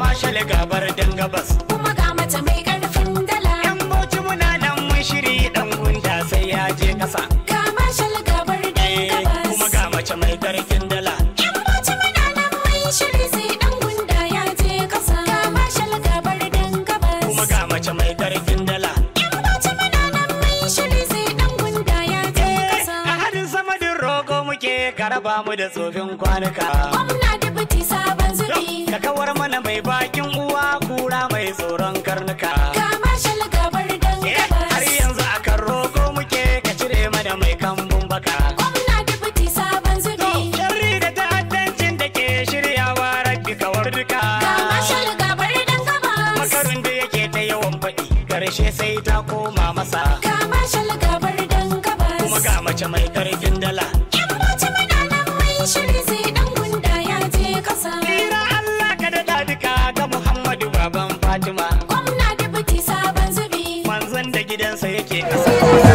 marshal gabar dan gabas ke karaba mu da tsofin kwanuka. Gwamna dibiti sabon zubi. Ka kawar mana mai bakin uwa kura mai tsoron karnuka. Kamar marshal gabar eh, Har yanzu a kan roko muke ka cire mana mai kambun baka. Gwamna dibiti sabon zubi. Shari da ta'addancin da ke shiryawa rabbi kawar duka. Kamar marshal gabar dan Makarun da yake ta yawan faɗi karshe sai ta koma masa. Kamar marshal gabar Kuma ga mace mai karfi. Fatima. Gwamna da sabon zubi. Manzon da gidansa yake ƙasa.